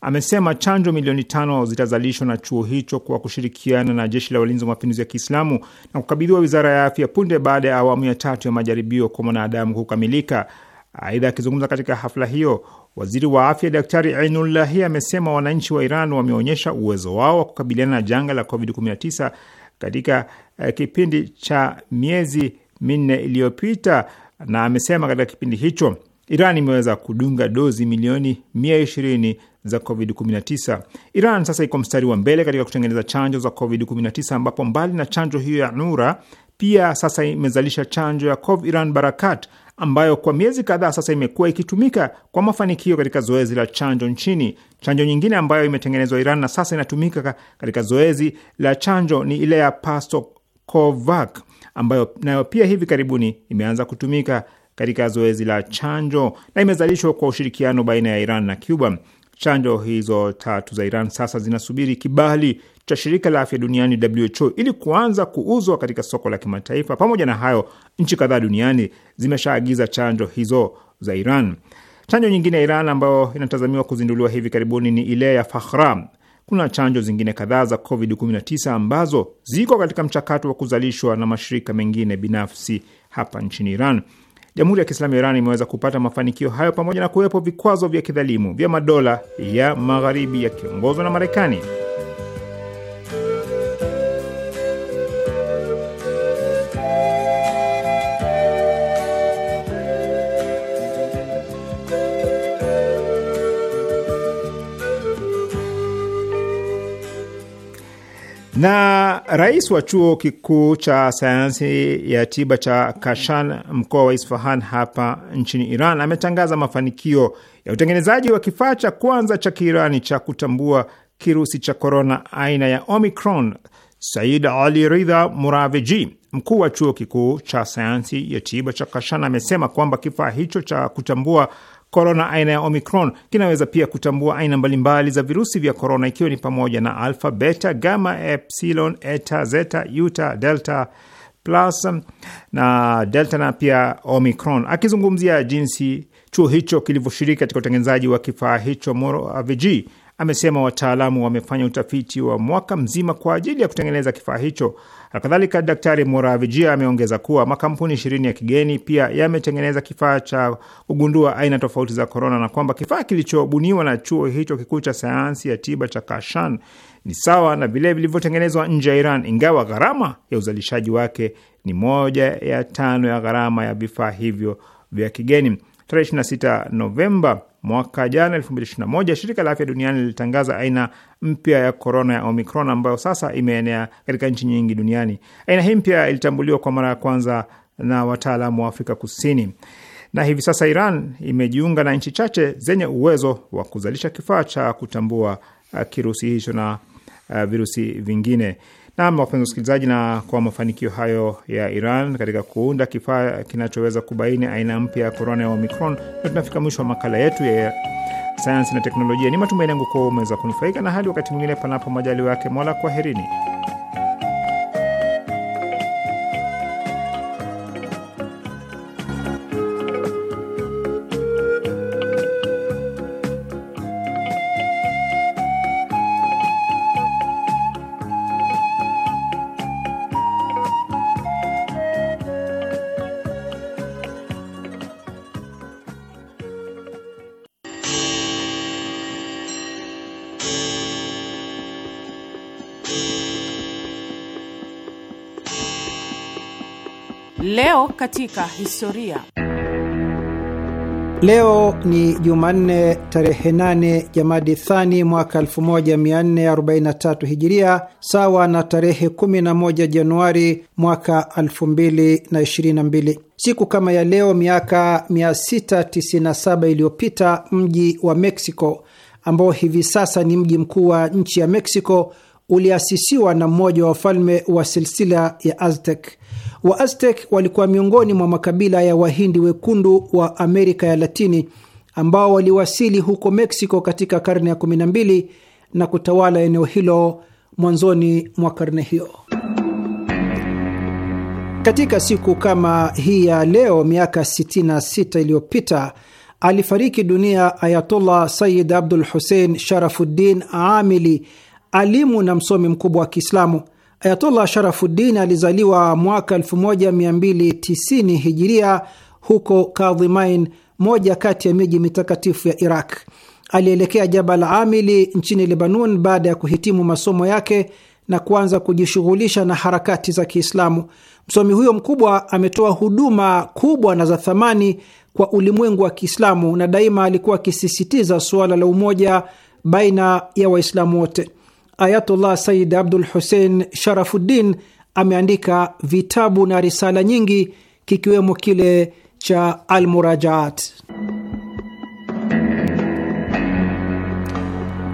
amesema chanjo milioni tano zitazalishwa na chuo hicho kwa kushirikiana na jeshi la walinzi wa mapinduzi ya Kiislamu na kukabidhiwa wizara ya afya punde baada ya awamu ya tatu ya majaribio kwa mwanadamu kukamilika. Aidha, akizungumza katika hafla hiyo, waziri wa afya Daktari inullahi amesema wananchi wa Iran wameonyesha uwezo wao wa kukabiliana na janga la COVID-19 katika eh, kipindi cha miezi minne iliyopita, na amesema katika kipindi hicho Iran imeweza kudunga dozi milioni 120 za COVID-19. Iran sasa iko mstari wa mbele katika kutengeneza chanjo za COVID-19 ambapo mbali na chanjo hiyo ya Nura pia sasa imezalisha chanjo ya Iran Barakat ambayo kwa miezi kadhaa sasa imekuwa ikitumika kwa mafanikio katika zoezi la chanjo nchini. Chanjo nyingine ambayo imetengenezwa Iran na sasa inatumika katika zoezi la chanjo ni ile ya Pastokovac ambayo nayo pia hivi karibuni imeanza kutumika katika zoezi la chanjo na imezalishwa kwa ushirikiano baina ya Iran na Cuba. Chanjo hizo tatu za Iran sasa zinasubiri kibali cha shirika la afya duniani WHO ili kuanza kuuzwa katika soko la kimataifa. Pamoja na hayo, nchi kadhaa duniani zimeshaagiza chanjo hizo za Iran. Chanjo nyingine ya Iran ambayo inatazamiwa kuzinduliwa hivi karibuni ni ile ya Fakhra kuna chanjo zingine kadhaa za COVID-19 ambazo ziko katika mchakato wa kuzalishwa na mashirika mengine binafsi hapa nchini Iran. Jamhuri ya Kiislamu ya Iran imeweza kupata mafanikio hayo pamoja na kuwepo vikwazo vya kidhalimu vya madola ya magharibi yakiongozwa na Marekani. Na rais wa chuo kikuu cha sayansi ya tiba cha Kashan, mkoa wa Isfahan hapa nchini Iran, ametangaza mafanikio ya utengenezaji wa kifaa cha kwanza cha Kiirani cha kutambua kirusi cha korona aina ya Omicron. Said Ali Ridha Muraveji, mkuu wa chuo kikuu cha sayansi ya tiba cha Kashan, amesema kwamba kifaa hicho cha kutambua korona aina ya Omicron. Kinaweza pia kutambua aina mbalimbali za virusi vya korona, ikiwa ni pamoja na alfa, beta, gama, epsilon, eta, zeta, yuta, delta plus na delta na pia Omicron. Akizungumzia jinsi chuo hicho kilivyoshiriki katika utengenezaji wa kifaa hicho, Moro Aviji amesema wataalamu wamefanya utafiti wa mwaka mzima kwa ajili ya kutengeneza kifaa hicho. Alkadhalika, Daktari Moravijia ameongeza kuwa makampuni ishirini ya kigeni pia yametengeneza kifaa cha kugundua aina tofauti za korona na kwamba kifaa kilichobuniwa na chuo hicho kikuu cha sayansi ya tiba cha Kashan ni sawa na vile vilivyotengenezwa nje ya Iran, ingawa gharama ya uzalishaji wake ni moja ya tano ya gharama ya vifaa hivyo vya kigeni. Tarehe 26 Novemba mwaka jana 2021, shirika la afya duniani lilitangaza aina mpya ya korona ya Omicron ambayo sasa imeenea katika nchi nyingi duniani. Aina hii mpya ilitambuliwa kwa mara ya kwanza na wataalamu wa Afrika Kusini, na hivi sasa Iran imejiunga na nchi chache zenye uwezo wa kuzalisha kifaa cha kutambua uh, kirusi hicho na uh, virusi vingine. Nam, wapenzi wasikilizaji, na kwa mafanikio hayo ya Iran katika kuunda kifaa kinachoweza kubaini aina mpya ya korona ya Omicron, na tunafika mwisho wa makala yetu ya sayansi na teknolojia. Ni matumaini yangu kuwa umeweza kunufaika, na hadi wakati mwingine, panapo majaliwa yake Mola, kwaherini. katika historia. Leo ni Jumanne tarehe 8 Jamadi Thani mwaka 1443 Hijiria, sawa na tarehe 11 Januari mwaka 2022. Siku kama ya leo miaka 697 iliyopita mji wa Mexico ambao hivi sasa ni mji mkuu wa nchi ya Mexico uliasisiwa na mmoja wa wafalme wa silsila ya Aztec. Waaztek walikuwa miongoni mwa makabila ya Wahindi wekundu wa Amerika ya Latini ambao waliwasili huko Meksiko katika karne ya 12 na kutawala eneo hilo mwanzoni mwa karne hiyo. Katika siku kama hii ya leo miaka 66 iliyopita alifariki dunia Ayatullah Sayid Abdul Hussein Sharafuddin Amili, alimu na msomi mkubwa wa Kiislamu. Ayatollah Sharafuddin alizaliwa mwaka 1290 hijiria huko Kadhimain, moja kati ya miji mitakatifu ya Iraq. Alielekea Jabal Amili nchini Lebanon baada ya kuhitimu masomo yake na kuanza kujishughulisha na harakati za Kiislamu. Msomi huyo mkubwa ametoa huduma kubwa na za thamani kwa ulimwengu wa Kiislamu na daima alikuwa akisisitiza suala la umoja baina ya Waislamu wote. Ayatullah Sayyid Abdul Hussein Sharafuddin ameandika vitabu na risala nyingi kikiwemo kile cha Almurajaat.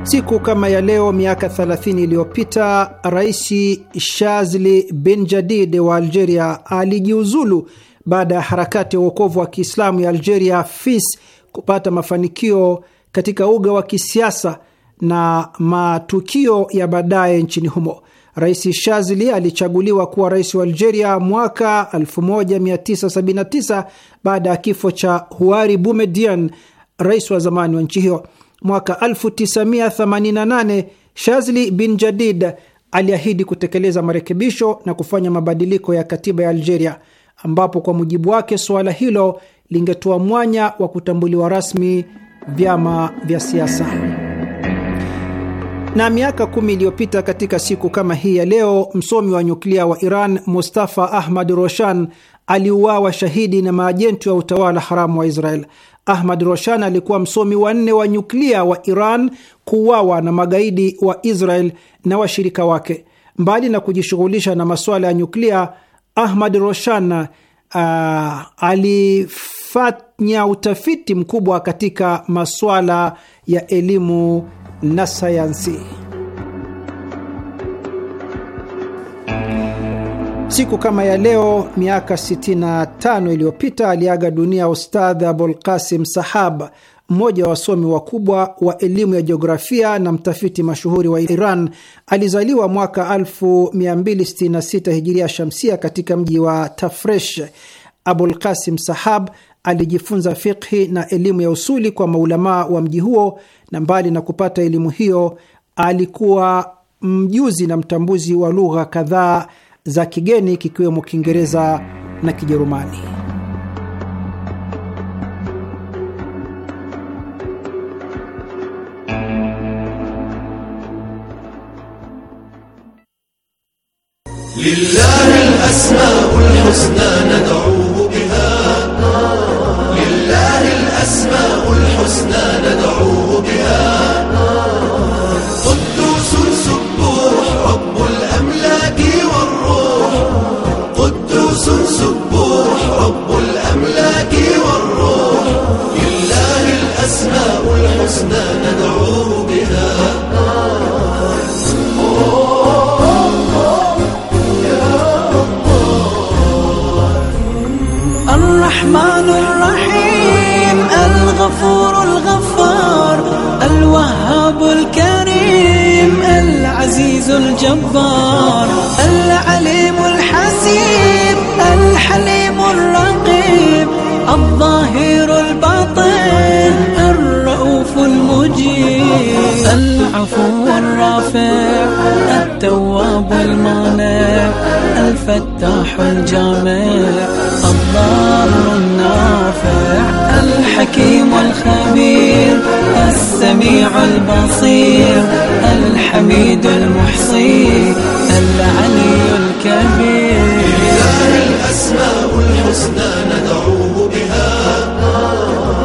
Siku kama ya leo miaka 30 iliyopita Rais Shazli bin Jadid wa Algeria alijiuzulu baada ya harakati ya uokovu wa Kiislamu ya Algeria FIS kupata mafanikio katika uga wa kisiasa na matukio ya baadaye nchini humo. Rais Shazili alichaguliwa kuwa rais wa Algeria mwaka 1979 baada ya kifo cha Huari Boumediene, rais wa zamani wa nchi hiyo. Mwaka 1988 Shazili bin Jadid aliahidi kutekeleza marekebisho na kufanya mabadiliko ya katiba ya Algeria, ambapo kwa mujibu wake suala hilo lingetoa mwanya wa kutambuliwa rasmi vyama vya siasa. Na miaka kumi iliyopita katika siku kama hii ya leo, msomi wa nyuklia wa Iran Mustafa Ahmad Roshan aliuawa shahidi na maajenti wa utawala haramu wa Israel. Ahmad Roshan alikuwa msomi wa nne wa nyuklia wa Iran kuuawa na magaidi wa Israel na washirika wake. Mbali na kujishughulisha na masuala ya nyuklia, Ahmad Roshan uh, alifanya utafiti mkubwa katika masuala ya elimu na sayansi. Siku kama ya leo miaka 65 iliyopita aliaga dunia Ustadh Abul Qasim Sahab, mmoja wa wasomi wakubwa wa elimu ya jiografia na mtafiti mashuhuri wa Iran. Alizaliwa mwaka 1266 hijiria shamsia katika mji wa Tafresh. Abul Qasim Sahab alijifunza fikhi na elimu ya usuli kwa maulamaa wa mji huo, na mbali na kupata elimu hiyo, alikuwa mjuzi na mtambuzi wa lugha kadhaa za kigeni kikiwemo Kiingereza na Kijerumani. Lillahi al-asmaul husna الغفور الغفار الوهاب الكريم العزيز الجبار العلي العفو الرافع التواب المانع الفتاح الجامع الضار النافع الحكيم الخبير السميع البصير الحميد المحصي العلي الكبير لله الأسماء الحسنى ندعوه بها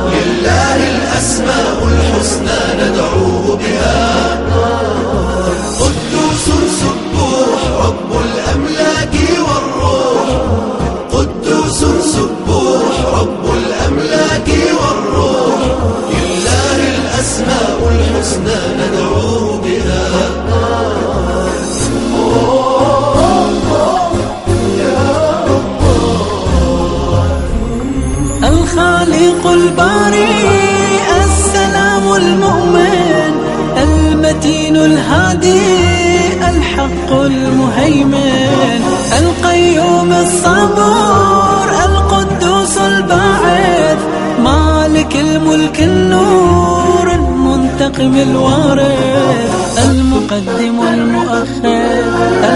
لله الأسماء الحسنى ندعوه بها الحسنى ندعوه بها الخالق الباري السلام المؤمن المتين الهادي الحق المهيمن القيوم الصبور القدوس الباعث مالك الملك النور الناقم الوارث المقدم المؤخر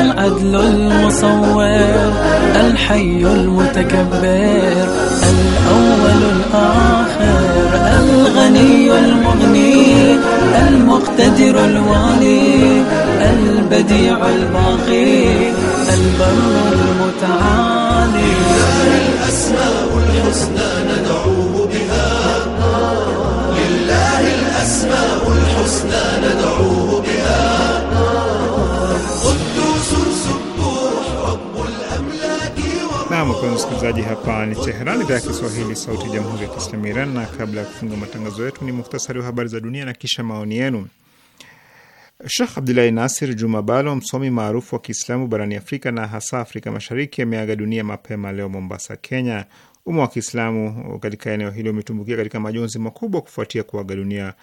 العدل المصور الحي المتكبر الأول الآخر الغني المغني المقتدر الوالي البديع الباقي البر المتعالي الأسماء الحسنى ندعوه بها لله الأسماء الحسنى ندعوه بها Naam, wapenzi hapa ni Teheran, idhaa ya Kiswahili, sauti ya jamhuri ya kiislamu Iran. Na kabla ya kufunga matangazo yetu, ni muhtasari wa habari za dunia na kisha maoni yenu. Shekh Abdulahi Nasir Juma Balo, msomi maarufu wa Kiislamu barani Afrika na hasa Afrika Mashariki, ameaga dunia mapema leo Mombasa, Kenya. Umma wa Kiislamu katika eneo hilo umetumbukia katika majonzi makubwa kufuatia kuaga dunia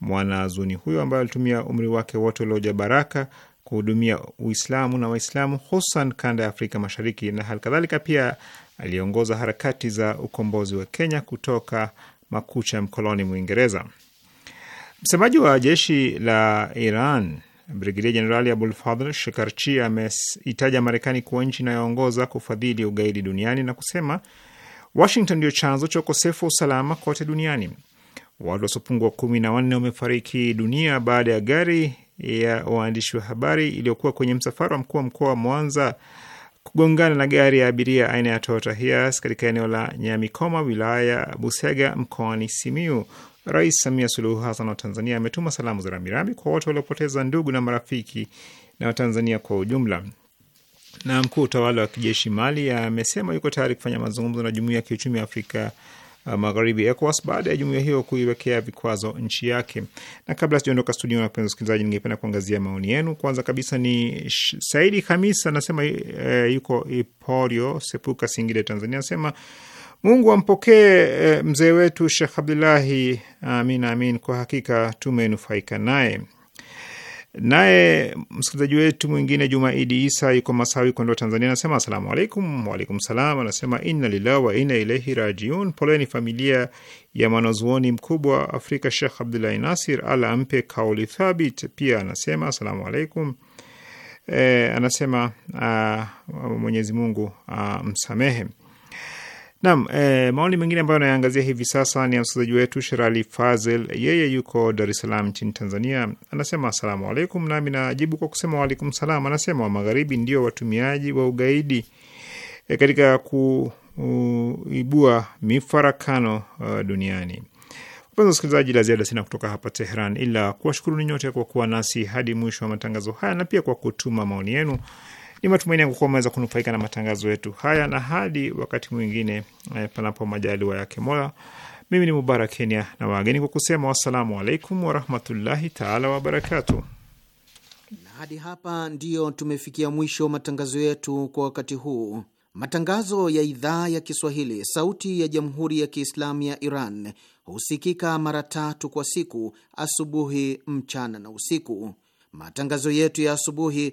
Mwanazuni huyo ambaye alitumia umri wake wote ulioja baraka kuhudumia Uislamu na Waislamu hususan kanda ya Afrika Mashariki, na kadhalika pia aliongoza harakati za ukombozi wa Kenya kutoka makucha mkoloni Mwingereza. Msemaji wa jeshi la Iran Brigedia Jenerali Abulfadhl Shekarchi ameitaja Marekani kuwa nchi inayoongoza kufadhili ugaidi duniani na kusema Washington ndio chanzo cha ukosefu wa usalama kote duniani watu wasiopungua kumi na wanne wamefariki dunia baada ya gari ya waandishi wa habari iliyokuwa kwenye msafara wa mkuu wa mkoa wa Mwanza kugongana na gari ya abiria aina ya Toyota Hiace katika eneo la Nyamikoma, wilaya ya Busega, mkoani Simiu. Rais Samia Suluhu Hassan wa Tanzania ametuma salamu za rambirambi kwa wote waliopoteza ndugu na marafiki na Watanzania kwa ujumla. Na mkuu utawala wa kijeshi Mali amesema yuko tayari kufanya mazungumzo na jumuiya ya kiuchumi ya Afrika Uh, magharibi ECOWAS baada ya jumuiya hiyo kuiwekea vikwazo nchi yake. Na kabla sijaondoka studio, na wapenzi wasikilizaji, ningependa kuangazia maoni yenu. Kwanza kabisa ni Saidi Khamis anasema e, yuko Iporio Sepuka, Singida, Tanzania, anasema Mungu ampokee eh, mzee wetu Shekh Abdullahi, amin amin. Kwa hakika tumenufaika naye. Naye msikilizaji wetu mwingine Jumaidi Isa yuko Masawi, Kondoa, Tanzania, anasema asalamu alaikum. Waalaikum salam. Anasema inna lillahi wa inna ilaihi rajiun. Poleni familia ya mwanazuoni mkubwa Afrika Shekh Abdullahi Nasir, ala ampe kauli thabit. Pia anasema asalamu alaikum. E, eh, anasema ah, Mwenyezi Mungu ah, msamehe Naam, e, maoni mengine ambayo anayaangazia hivi sasa ni ya msikilizaji wetu Sherali Fazel, yeye yuko Dar es Salaam nchini Tanzania. Anasema asalamu alaikum, nami najibu kwa kusema waalaikum salam. Anasema wa magharibi ndio watumiaji wa ugaidi e, katika kuibua mifarakano uh, duniani. Wapenzi wasikilizaji, la ziada sina kutoka hapa Tehran ila kuwashukuru ninyote kwa kuwa nasi hadi mwisho wa matangazo haya na pia kwa kutuma maoni yenu ni matumaini yangu kuwa umeweza kunufaika na matangazo yetu haya, na hadi wakati mwingine, eh, panapo majaliwa yake Mola. Mimi ni Mubarak Kenya na wageni kwa kusema wassalamu alaikum warahmatullahi taala wabarakatu. Na hadi hapa ndiyo tumefikia mwisho matangazo yetu kwa wakati huu. Matangazo ya idhaa ya Kiswahili sauti ya jamhuri ya Kiislamu ya Iran husikika mara tatu kwa siku: asubuhi, mchana na usiku. Matangazo yetu ya asubuhi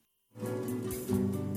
Thank you.